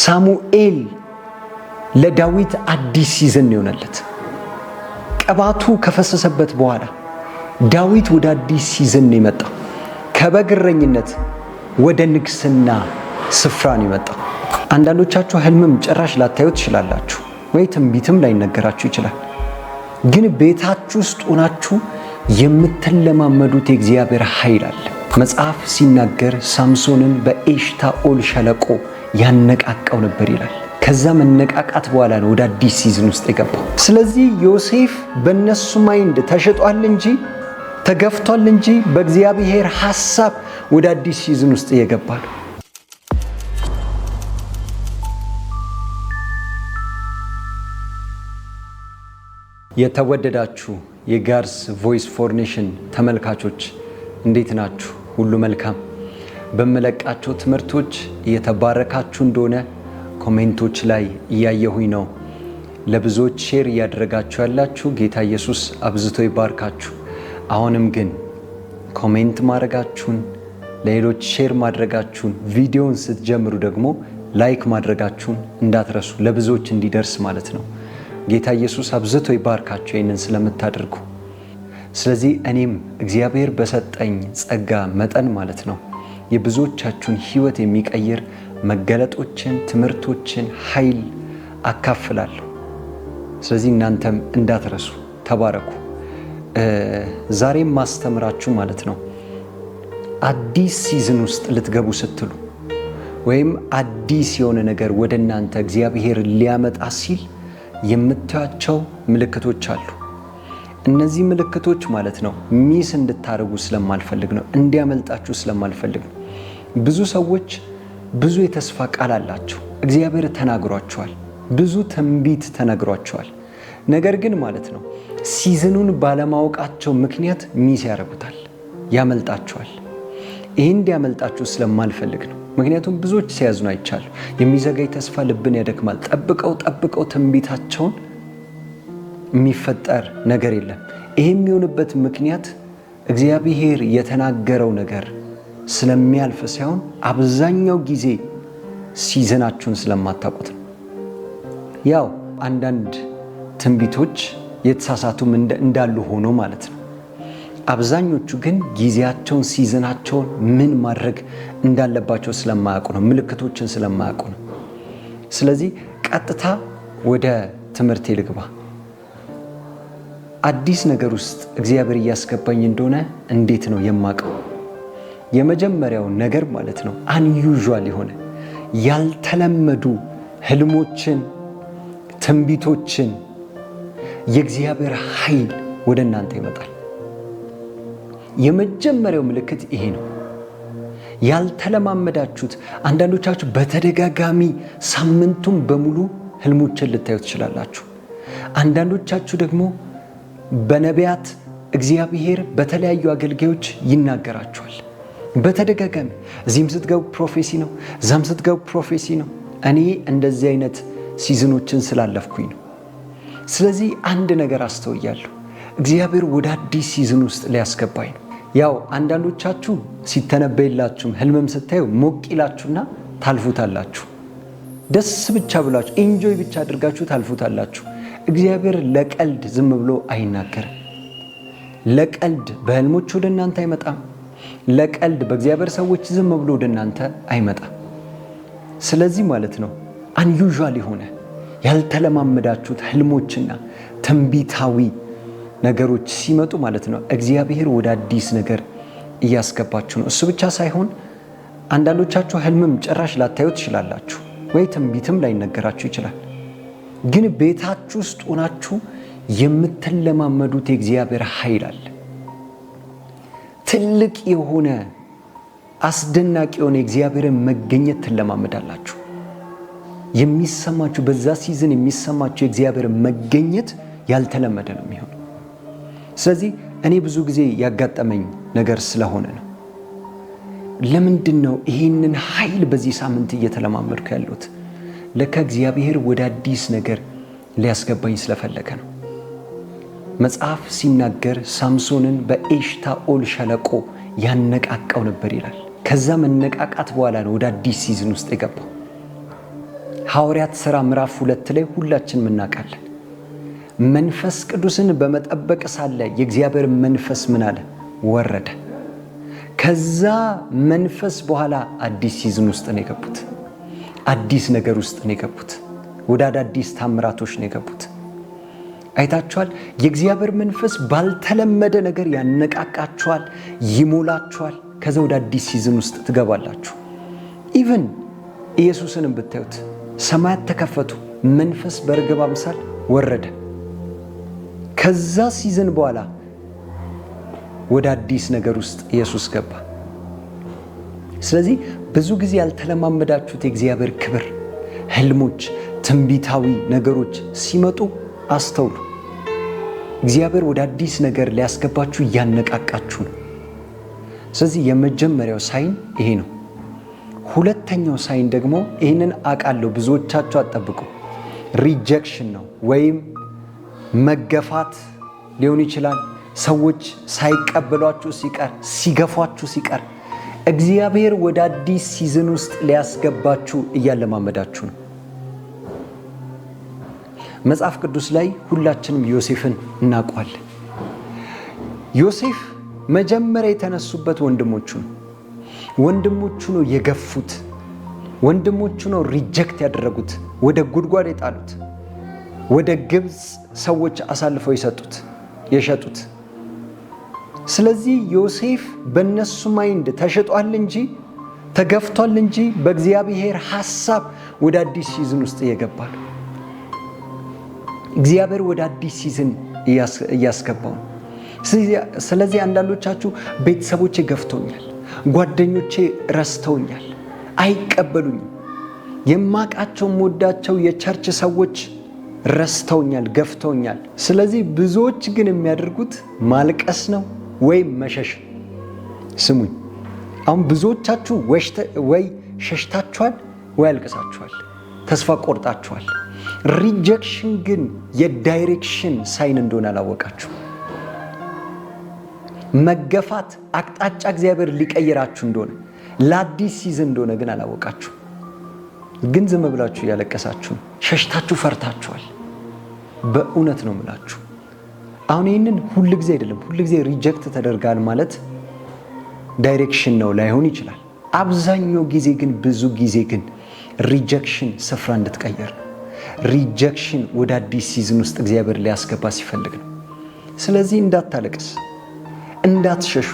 ሳሙኤል ለዳዊት አዲስ ሲዝን ይሆነለት። ቅባቱ ከፈሰሰበት በኋላ ዳዊት ወደ አዲስ ሲዝን ይመጣ ከበግረኝነት ወደ ንግስና ስፍራ ነው የመጣው። አንዳንዶቻችሁ ህልምም ጭራሽ ላታዩ ትችላላችሁ፣ ወይ ትንቢትም ላይነገራችሁ ይችላል። ግን ቤታችሁ ውስጥ ሆናችሁ የምትለማመዱት የእግዚአብሔር ኃይል አለ። መጽሐፍ ሲናገር ሳምሶንን በኤሽታኦል ሸለቆ ያነቃቃው ነበር ይላል። ከዛ መነቃቃት በኋላ ነው ወደ አዲስ ሲዝን ውስጥ የገባው። ስለዚህ ዮሴፍ በእነሱ ማይንድ ተሽጧል እንጂ ተገፍቷል እንጂ በእግዚአብሔር ሐሳብ ወደ አዲስ ሲዝን ውስጥ እየገባ ነው። የተወደዳችሁ የጋርስ ቮይስ ፎር ኔሽን ተመልካቾች እንዴት ናችሁ? ሁሉ መልካም። በምለቃቸው ትምህርቶች እየተባረካችሁ እንደሆነ ኮሜንቶች ላይ እያየሁኝ ነው። ለብዙዎች ሼር እያደረጋችሁ ያላችሁ ጌታ ኢየሱስ አብዝቶ ይባርካችሁ። አሁንም ግን ኮሜንት ማድረጋችሁን ለሌሎች ሼር ማድረጋችሁን ቪዲዮውን ስትጀምሩ ደግሞ ላይክ ማድረጋችሁን እንዳትረሱ፣ ለብዙዎች እንዲደርስ ማለት ነው። ጌታ ኢየሱስ አብዝቶ ይባርካችሁ ይህንን ስለምታደርጉ ስለዚህ እኔም እግዚአብሔር በሰጠኝ ጸጋ መጠን ማለት ነው የብዙዎቻችሁን ሕይወት የሚቀይር መገለጦችን፣ ትምህርቶችን፣ ኃይል አካፍላለሁ። ስለዚህ እናንተም እንዳትረሱ ተባረኩ። ዛሬም ማስተምራችሁ ማለት ነው አዲስ ሲዝን ውስጥ ልትገቡ ስትሉ ወይም አዲስ የሆነ ነገር ወደ እናንተ እግዚአብሔር ሊያመጣ ሲል የምታያቸው ምልክቶች አሉ። እነዚህ ምልክቶች ማለት ነው ሚስ እንድታደርጉ ስለማልፈልግ ነው፣ እንዲያመልጣችሁ ስለማልፈልግ ነው። ብዙ ሰዎች ብዙ የተስፋ ቃል አላቸው። እግዚአብሔር ተናግሯቸዋል፣ ብዙ ትንቢት ተነግሯቸዋል። ነገር ግን ማለት ነው ሲዝኑን ባለማወቃቸው ምክንያት ሚስ ያደርጉታል፣ ያመልጣቸዋል። ይህ እንዲያመልጣችሁ ስለማልፈልግ ነው። ምክንያቱም ብዙዎች ሲያዝኑ አይቻሉ። የሚዘገይ ተስፋ ልብን ያደክማል። ጠብቀው ጠብቀው ትንቢታቸውን የሚፈጠር ነገር የለም። ይህ የሚሆንበት ምክንያት እግዚአብሔር የተናገረው ነገር ስለሚያልፍ ሳይሆን አብዛኛው ጊዜ ሲዘናችሁን ስለማታውቁት ነው። ያው አንዳንድ ትንቢቶች የተሳሳቱም እንዳሉ ሆኖ ማለት ነው። አብዛኞቹ ግን ጊዜያቸውን ሲዝናቸውን ምን ማድረግ እንዳለባቸው ስለማያውቁ ነው፣ ምልክቶችን ስለማያውቁ ነው። ስለዚህ ቀጥታ ወደ ትምህርቴ ልግባ። አዲስ ነገር ውስጥ እግዚአብሔር እያስገባኝ እንደሆነ እንዴት ነው የማውቀው? የመጀመሪያው ነገር ማለት ነው አንዩዥዋል የሆነ ያልተለመዱ ህልሞችን፣ ትንቢቶችን የእግዚአብሔር ኃይል ወደ እናንተ ይመጣል። የመጀመሪያው ምልክት ይሄ ነው። ያልተለማመዳችሁት አንዳንዶቻችሁ በተደጋጋሚ ሳምንቱን በሙሉ ህልሞችን ልታዩ ትችላላችሁ። አንዳንዶቻችሁ ደግሞ በነቢያት እግዚአብሔር በተለያዩ አገልጋዮች ይናገራቸዋል በተደጋጋሚ። እዚህም ስትገቡ ፕሮፌሲ ነው፣ እዛም ስትገቡ ፕሮፌሲ ነው። እኔ እንደዚህ አይነት ሲዝኖችን ስላለፍኩኝ ነው። ስለዚህ አንድ ነገር አስተውያለሁ። እግዚአብሔር ወደ አዲስ ሲዝን ውስጥ ሊያስገባኝ ነው። ያው አንዳንዶቻችሁ ሲተነበይላችሁም ህልምም ስታዩ ሞቅ ይላችሁና ታልፉታላችሁ። ደስ ብቻ ብላችሁ ኢንጆይ ብቻ አድርጋችሁ ታልፉታላችሁ። እግዚአብሔር ለቀልድ ዝም ብሎ አይናገርም። ለቀልድ በህልሞች ወደ እናንተ አይመጣም። ለቀልድ በእግዚአብሔር ሰዎች ዝም ብሎ ወደ እናንተ አይመጣም። ስለዚህ ማለት ነው አንዩዣል የሆነ ያልተለማመዳችሁት ህልሞችና ትንቢታዊ ነገሮች ሲመጡ ማለት ነው እግዚአብሔር ወደ አዲስ ነገር እያስገባችሁ ነው። እሱ ብቻ ሳይሆን አንዳንዶቻችሁ ህልምም ጭራሽ ላታዩ ትችላላችሁ፣ ወይ ትንቢትም ላይነገራችሁ ይችላል። ግን ቤታችሁ ውስጥ ሆናችሁ የምትለማመዱት የእግዚአብሔር ኃይል አለ። ትልቅ የሆነ አስደናቂ የሆነ የእግዚአብሔርን መገኘት ትለማመዳላችሁ። የሚሰማችሁ በዛ ሲዝን የሚሰማችሁ የእግዚአብሔር መገኘት ያልተለመደ ነው የሚሆነው። ስለዚህ እኔ ብዙ ጊዜ ያጋጠመኝ ነገር ስለሆነ ነው። ለምንድን ነው ይህንን ኃይል በዚህ ሳምንት እየተለማመድኩ ያለሁት? ለካ እግዚአብሔር ወደ አዲስ ነገር ሊያስገባኝ ስለፈለገ ነው። መጽሐፍ ሲናገር ሳምሶንን በኤሽታኦል ሸለቆ ያነቃቃው ነበር ይላል። ከዛ መነቃቃት በኋላ ነው ወደ አዲስ ሲዝን ውስጥ የገባው። ሐዋርያት ሥራ ምዕራፍ ሁለት ላይ ሁላችንም እናውቃለን። መንፈስ ቅዱስን በመጠበቅ ሳለ የእግዚአብሔር መንፈስ ምን አለ? ወረደ። ከዛ መንፈስ በኋላ አዲስ ሲዝን ውስጥ ነው የገቡት። አዲስ ነገር ውስጥ ነው የገቡት። ወደ አዳዲስ ታምራቶች ነው የገቡት። አይታችኋል። የእግዚአብሔር መንፈስ ባልተለመደ ነገር ያነቃቃችኋል፣ ይሞላችኋል። ከዛ ወደ አዲስ ሲዝን ውስጥ ትገባላችሁ። ኢቨን ኢየሱስንም ብታዩት ሰማያት ተከፈቱ፣ መንፈስ በርግብ አምሳል ወረደ። ከዛ ሲዝን በኋላ ወደ አዲስ ነገር ውስጥ ኢየሱስ ገባ። ስለዚህ ብዙ ጊዜ ያልተለማመዳችሁት የእግዚአብሔር ክብር፣ ህልሞች፣ ትንቢታዊ ነገሮች ሲመጡ አስተውሉ። እግዚአብሔር ወደ አዲስ ነገር ሊያስገባችሁ እያነቃቃችሁ ነው። ስለዚህ የመጀመሪያው ሳይን ይሄ ነው። ሁለተኛው ሳይን ደግሞ ይህንን አውቃለሁ ብዙዎቻችሁ አጠብቁ፣ ሪጀክሽን ነው ወይም መገፋት ሊሆን ይችላል። ሰዎች ሳይቀበሏችሁ ሲቀር፣ ሲገፏችሁ ሲቀር እግዚአብሔር ወደ አዲስ ሲዝን ውስጥ ሊያስገባችሁ እያለማመዳችሁ ነው። መጽሐፍ ቅዱስ ላይ ሁላችንም ዮሴፍን እናውቀዋለን። ዮሴፍ መጀመሪያ የተነሱበት ወንድሞቹ ነው። ወንድሞቹ ነው የገፉት። ወንድሞቹ ነው ሪጀክት ያደረጉት፣ ወደ ጉድጓድ የጣሉት፣ ወደ ግብፅ ሰዎች አሳልፈው የሰጡት የሸጡት ስለዚህ ዮሴፍ በእነሱ ማይንድ ተሸጧል እንጂ ተገፍቷል እንጂ በእግዚአብሔር ሐሳብ ወደ አዲስ ሲዝን ውስጥ እየገባ ነው። እግዚአብሔር ወደ አዲስ ሲዝን እያስገባው ነው። ስለዚህ አንዳንዶቻችሁ ቤተሰቦቼ ገፍቶኛል፣ ጓደኞቼ ረስተውኛል፣ አይቀበሉኝም፣ የማቃቸው ሞዳቸው የቸርች ሰዎች ረስተውኛል፣ ገፍተውኛል። ስለዚህ ብዙዎች ግን የሚያደርጉት ማልቀስ ነው። ወይም መሸሽ። ስሙኝ፣ አሁን ብዙዎቻችሁ ወይ ሸሽታችኋል፣ ወይ አልቅሳችኋል፣ ተስፋ ቆርጣችኋል። ሪጀክሽን ግን የዳይሬክሽን ሳይን እንደሆነ አላወቃችሁ። መገፋት አቅጣጫ እግዚአብሔር ሊቀይራችሁ እንደሆነ ለአዲስ ሲዝን እንደሆነ ግን አላወቃችሁ። ግን ዝም ብላችሁ እያለቀሳችሁ ሸሽታችሁ ፈርታችኋል። በእውነት ነው የምላችሁ። አሁን ይህንን ሁል ጊዜ አይደለም ሁል ጊዜ ሪጀክት ተደርጋል ማለት ዳይሬክሽን ነው ላይሆን ይችላል። አብዛኛው ጊዜ ግን ብዙ ጊዜ ግን ሪጀክሽን ስፍራ እንድትቀየር ነው። ሪጀክሽን ወደ አዲስ ሲዝን ውስጥ እግዚአብሔር ሊያስገባ ሲፈልግ ነው። ስለዚህ እንዳታለቅስ፣ እንዳትሸሹ።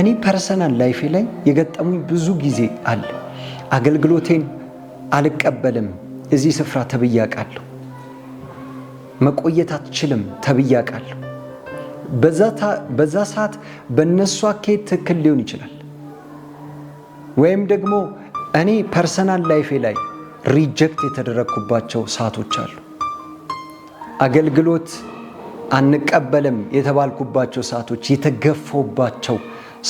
እኔ ፐርሰናል ላይፌ ላይ የገጠሙኝ ብዙ ጊዜ አለ። አገልግሎቴን አልቀበልም እዚህ ስፍራ ተብያቃለሁ መቆየት አትችልም ተብያቃለሁ። በዛ ሰዓት በእነሱ አካሄድ ትክክል ሊሆን ይችላል። ወይም ደግሞ እኔ ፐርሰናል ላይፌ ላይ ሪጀክት የተደረግኩባቸው ሰዓቶች አሉ። አገልግሎት አንቀበልም የተባልኩባቸው ሰዓቶች፣ የተገፈውባቸው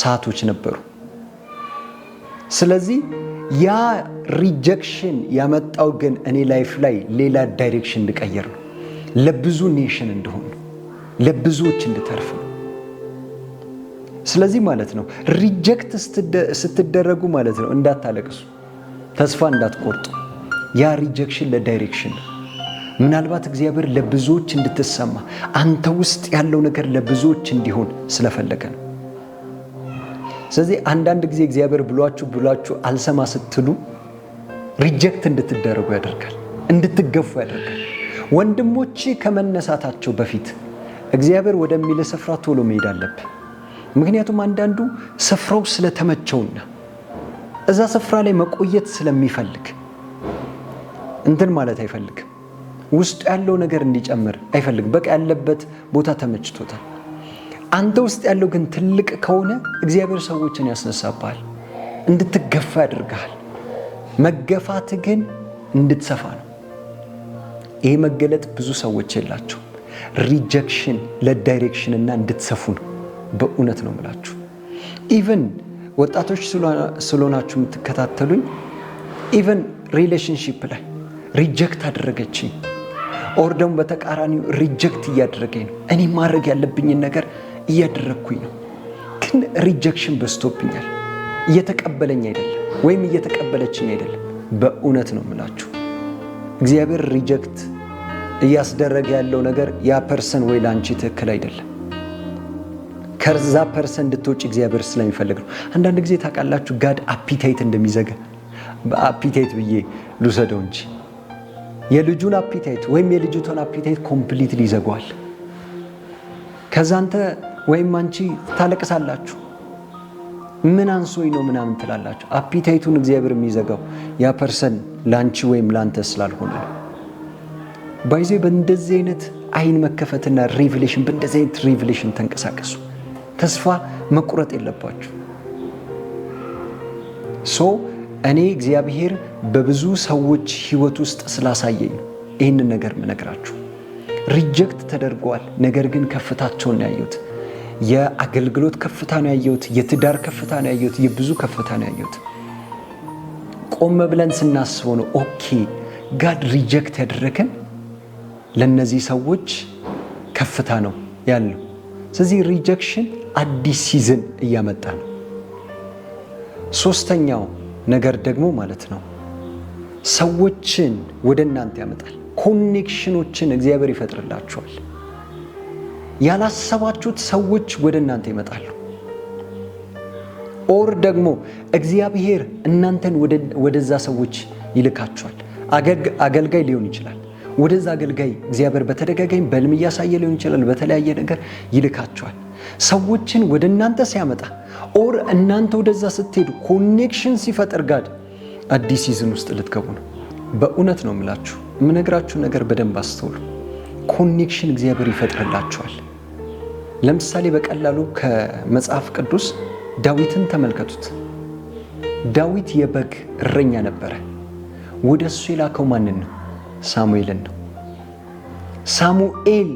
ሰዓቶች ነበሩ። ስለዚህ ያ ሪጀክሽን ያመጣው ግን እኔ ላይፍ ላይ ሌላ ዳይሬክሽን እንድቀይር ነው። ለብዙ ኔሽን እንደሆን ለብዙዎች እንድተርፍ ነው። ስለዚህ ማለት ነው ሪጀክት ስትደረጉ ማለት ነው እንዳታለቅሱ፣ ተስፋ እንዳትቆርጡ። ያ ሪጀክሽን ለዳይሬክሽን ነው። ምናልባት እግዚአብሔር ለብዙዎች እንድትሰማ አንተ ውስጥ ያለው ነገር ለብዙዎች እንዲሆን ስለፈለገ ነው። ስለዚህ አንዳንድ ጊዜ እግዚአብሔር ብሏችሁ ብሏችሁ አልሰማ ስትሉ ሪጀክት እንድትደረጉ ያደርጋል፣ እንድትገፉ ያደርጋል። ወንድሞች ከመነሳታቸው በፊት እግዚአብሔር ወደሚል ስፍራ ቶሎ መሄድ አለብህ። ምክንያቱም አንዳንዱ ስፍራው ስለተመቸውና እዛ ስፍራ ላይ መቆየት ስለሚፈልግ እንትን ማለት አይፈልግም። ውስጡ ያለው ነገር እንዲጨምር አይፈልግም። በቃ ያለበት ቦታ ተመችቶታል። አንተ ውስጥ ያለው ግን ትልቅ ከሆነ እግዚአብሔር ሰዎችን ያስነሳብሃል፣ እንድትገፋ ያደርግሃል። መገፋት ግን እንድትሰፋ ነው። ይሄ መገለጥ ብዙ ሰዎች የላቸው። ሪጀክሽን ለዳይሬክሽን እና እንድትሰፉ ነው። በእውነት ነው ምላችሁ። ኢቨን ወጣቶች ስለሆናችሁ የምትከታተሉኝ፣ ኢቨን ሪሌሽንሽፕ ላይ ሪጀክት አደረገችኝ፣ ኦር ደግሞ በተቃራኒው ሪጀክት እያደረገኝ ነው። እኔ ማድረግ ያለብኝን ነገር እያደረግኩኝ ነው፣ ግን ሪጀክሽን በዝቶብኛል። እየተቀበለኝ አይደለም፣ ወይም እየተቀበለችኝ አይደለም። በእውነት ነው ምላችሁ እግዚአብሔር ሪጀክት እያስደረገ ያለው ነገር ያ ፐርሰን ወይ ለአንቺ ትክክል አይደለም። ከዛ ፐርሰን እንድትወጭ እግዚአብሔር ስለሚፈልግ ነው። አንዳንድ ጊዜ ታውቃላችሁ ጋድ አፒታይት እንደሚዘጋ በአፒታይት ብዬ ልውሰደው እንጂ የልጁን አፒታይት ወይም የልጅቷን አፒታይት ኮምፕሊትሊ ይዘጓል። ከዛ አንተ ወይም አንቺ ታለቅሳላችሁ። ምን አንሶኝ ነው ምናምን ትላላችሁ። አፒታይቱን እግዚአብሔር የሚዘጋው ያ ፐርሰን ለአንቺ ወይም ለአንተ ስላልሆነ ነው። ባይዘ በእንደዚህ አይነት አይን መከፈትና ሪቪሌሽን በእንደዚህ አይነት ሪቪሌሽን ተንቀሳቀሱ። ተስፋ መቁረጥ የለባችሁ። ሶ እኔ እግዚአብሔር በብዙ ሰዎች ህይወት ውስጥ ስላሳየኝ ይህንን ነገር ምነግራችሁ ሪጀክት ተደርገዋል። ነገር ግን ከፍታቸውን ነው ያየሁት። የአገልግሎት ከፍታ ነው ያየሁት። የትዳር ከፍታ ነው ያየሁት። የብዙ ከፍታ ነው ያየሁት። ቆመ ብለን ስናስበው ነው ኦኬ ጋድ ሪጀክት ያደረገን ለነዚህ ሰዎች ከፍታ ነው ያለው። ስለዚህ ሪጀክሽን አዲስ ሲዝን እያመጣ ነው። ሶስተኛው ነገር ደግሞ ማለት ነው ሰዎችን ወደ እናንተ ያመጣል። ኮኔክሽኖችን እግዚአብሔር ይፈጥርላችኋል። ያላሰባችሁት ሰዎች ወደ እናንተ ይመጣሉ። ኦር ደግሞ እግዚአብሔር እናንተን ወደዛ ሰዎች ይልካችኋል። አገልጋይ ሊሆን ይችላል ወደዛ አገልጋይ እግዚአብሔር በተደጋጋሚ በልም እያሳየ ሊሆን ይችላል፣ በተለያየ ነገር ይልካቸዋል። ሰዎችን ወደ እናንተ ሲያመጣ ኦር እናንተ ወደዛ ስትሄዱ ኮኔክሽን ሲፈጥር ጋድ አዲስ ሲዝን ውስጥ ልትገቡ ነው። በእውነት ነው የምላችሁ። የምነግራችሁ ነገር በደንብ አስተውሉ። ኮኔክሽን እግዚአብሔር ይፈጥርላችኋል። ለምሳሌ በቀላሉ ከመጽሐፍ ቅዱስ ዳዊትን ተመልከቱት። ዳዊት የበግ እረኛ ነበረ። ወደ እሱ የላከው ማንን ነው? ሳሙኤልን ነው። ሳሙኤል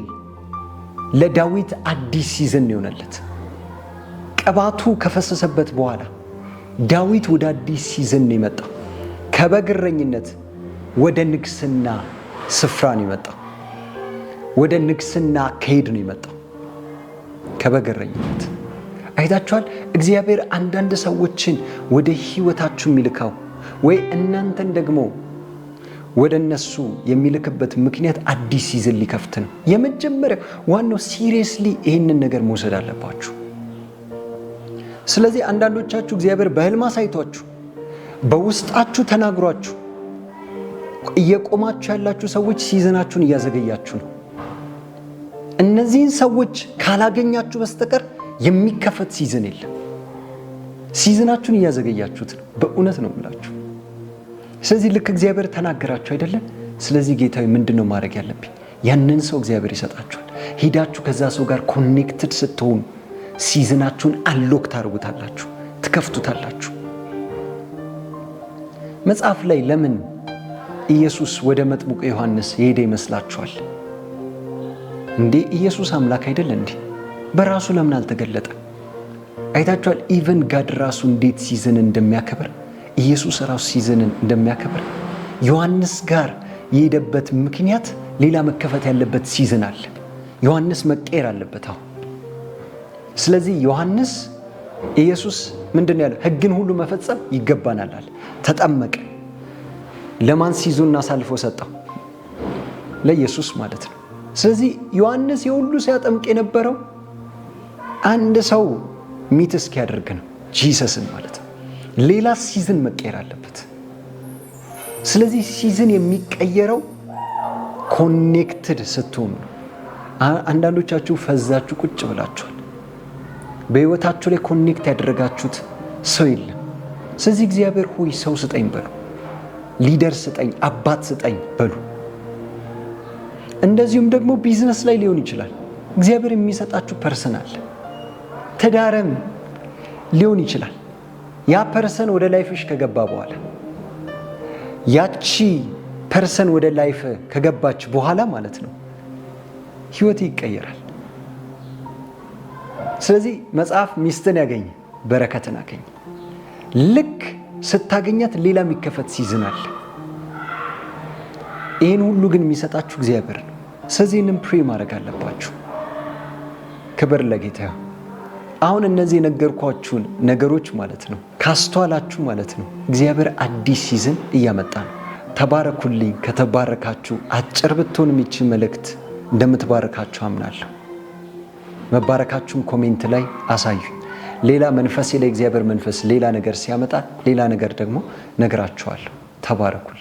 ለዳዊት አዲስ ሲዝን ይሆነለት። ቅባቱ ከፈሰሰበት በኋላ ዳዊት ወደ አዲስ ሲዝን ነው የመጣው። ወደ ንግስና ስፍራ ነው የመጣው። ወደ ንግስና ከሄድ ነው የመጣው። ከበግረኝነት አይታችኋል። እግዚአብሔር አንዳንድ ሰዎችን ወደ ህይወታችሁ የሚልካው ወይ እናንተን ደግሞ ወደ እነሱ የሚልክበት ምክንያት አዲስ ሲዝን ሊከፍት ነው። የመጀመሪያ ዋናው ሲሪየስሊ ይህንን ነገር መውሰድ አለባችሁ። ስለዚህ አንዳንዶቻችሁ እግዚአብሔር በህልም አሳይቷችሁ በውስጣችሁ ተናግሯችሁ እየቆማችሁ ያላችሁ ሰዎች ሲዝናችሁን እያዘገያችሁ ነው። እነዚህን ሰዎች ካላገኛችሁ በስተቀር የሚከፈት ሲዝን የለም። ሲዝናችሁን እያዘገያችሁት ነው። በእውነት ነው የምላችሁ። ስለዚህ ልክ እግዚአብሔር ተናገራችሁ አይደለም? ስለዚህ ጌታዊ ምንድን ነው ማድረግ ያለብኝ? ያንን ሰው እግዚአብሔር ይሰጣችኋል። ሂዳችሁ ከዛ ሰው ጋር ኮኔክትድ ስትሆኑ ሲዝናችሁን አሎክ ታርጉታላችሁ፣ ትከፍቱታላችሁ። መጽሐፍ ላይ ለምን ኢየሱስ ወደ መጥምቁ ዮሐንስ የሄደ ይመስላችኋል? እንዴ ኢየሱስ አምላክ አይደለ እንዴ? በራሱ ለምን አልተገለጠ? አይታችኋል። ኢቨን ጋድ ራሱ እንዴት ሲዝን እንደሚያከብር ኢየሱስ ራሱ ሲዝንን እንደሚያከብር ዮሐንስ ጋር የሄደበት ምክንያት ሌላ መከፈት ያለበት ሲዝን አለ። ዮሐንስ መቀየር አለበት። አሁን ስለዚህ ዮሐንስ ኢየሱስ ምንድን ያለው ህግን ሁሉ መፈጸም ይገባናል አለ። ተጠመቀ። ለማን ሲዙን አሳልፎ ሰጠው? ለኢየሱስ ማለት ነው። ስለዚህ ዮሐንስ የሁሉ ሲያጠምቅ የነበረው አንድ ሰው ሚት እስኪያደርግ ነው፣ ጂሰስን ማለት ነው። ሌላ ሲዝን መቀየር አለበት። ስለዚህ ሲዝን የሚቀየረው ኮኔክትድ ስትሆኑ ነው። አንዳንዶቻችሁ ፈዛችሁ ቁጭ ብላችኋል። በህይወታችሁ ላይ ኮኔክት ያደረጋችሁት ሰው የለም። ስለዚህ እግዚአብሔር ሆይ ሰው ስጠኝ በሉ፣ ሊደር ስጠኝ፣ አባት ስጠኝ በሉ። እንደዚሁም ደግሞ ቢዝነስ ላይ ሊሆን ይችላል። እግዚአብሔር የሚሰጣችሁ ፐርሰናል አለ። ትዳርም ሊሆን ይችላል። ያ ፐርሰን ወደ ላይፍሽ ከገባ በኋላ ያቺ ፐርሰን ወደ ላይፍ ከገባች በኋላ ማለት ነው ህይወት ይቀየራል። ስለዚህ መጽሐፍ ሚስትን ያገኝ በረከትን አገኝ። ልክ ስታገኛት ሌላ የሚከፈት ሲዝናል። ይህን ሁሉ ግን የሚሰጣችሁ እግዚአብሔር ነው። ስለዚህንም ፕሬ ማድረግ አለባችሁ። ክብር ለጌታ። አሁን እነዚህ የነገርኳችሁን ነገሮች ማለት ነው ካስተዋላችሁ ማለት ነው እግዚአብሔር አዲስ ሲዝን እያመጣ ነው። ተባረኩልኝ። ከተባረካችሁ አጭር ብትሆን የሚችል መልእክት እንደምትባረካችሁ አምናለሁ። መባረካችሁን ኮሜንት ላይ አሳዩኝ። ሌላ መንፈስ፣ ሌላ እግዚአብሔር መንፈስ ሌላ ነገር ሲያመጣ ሌላ ነገር ደግሞ ነግራችኋለሁ። ተባረኩልኝ።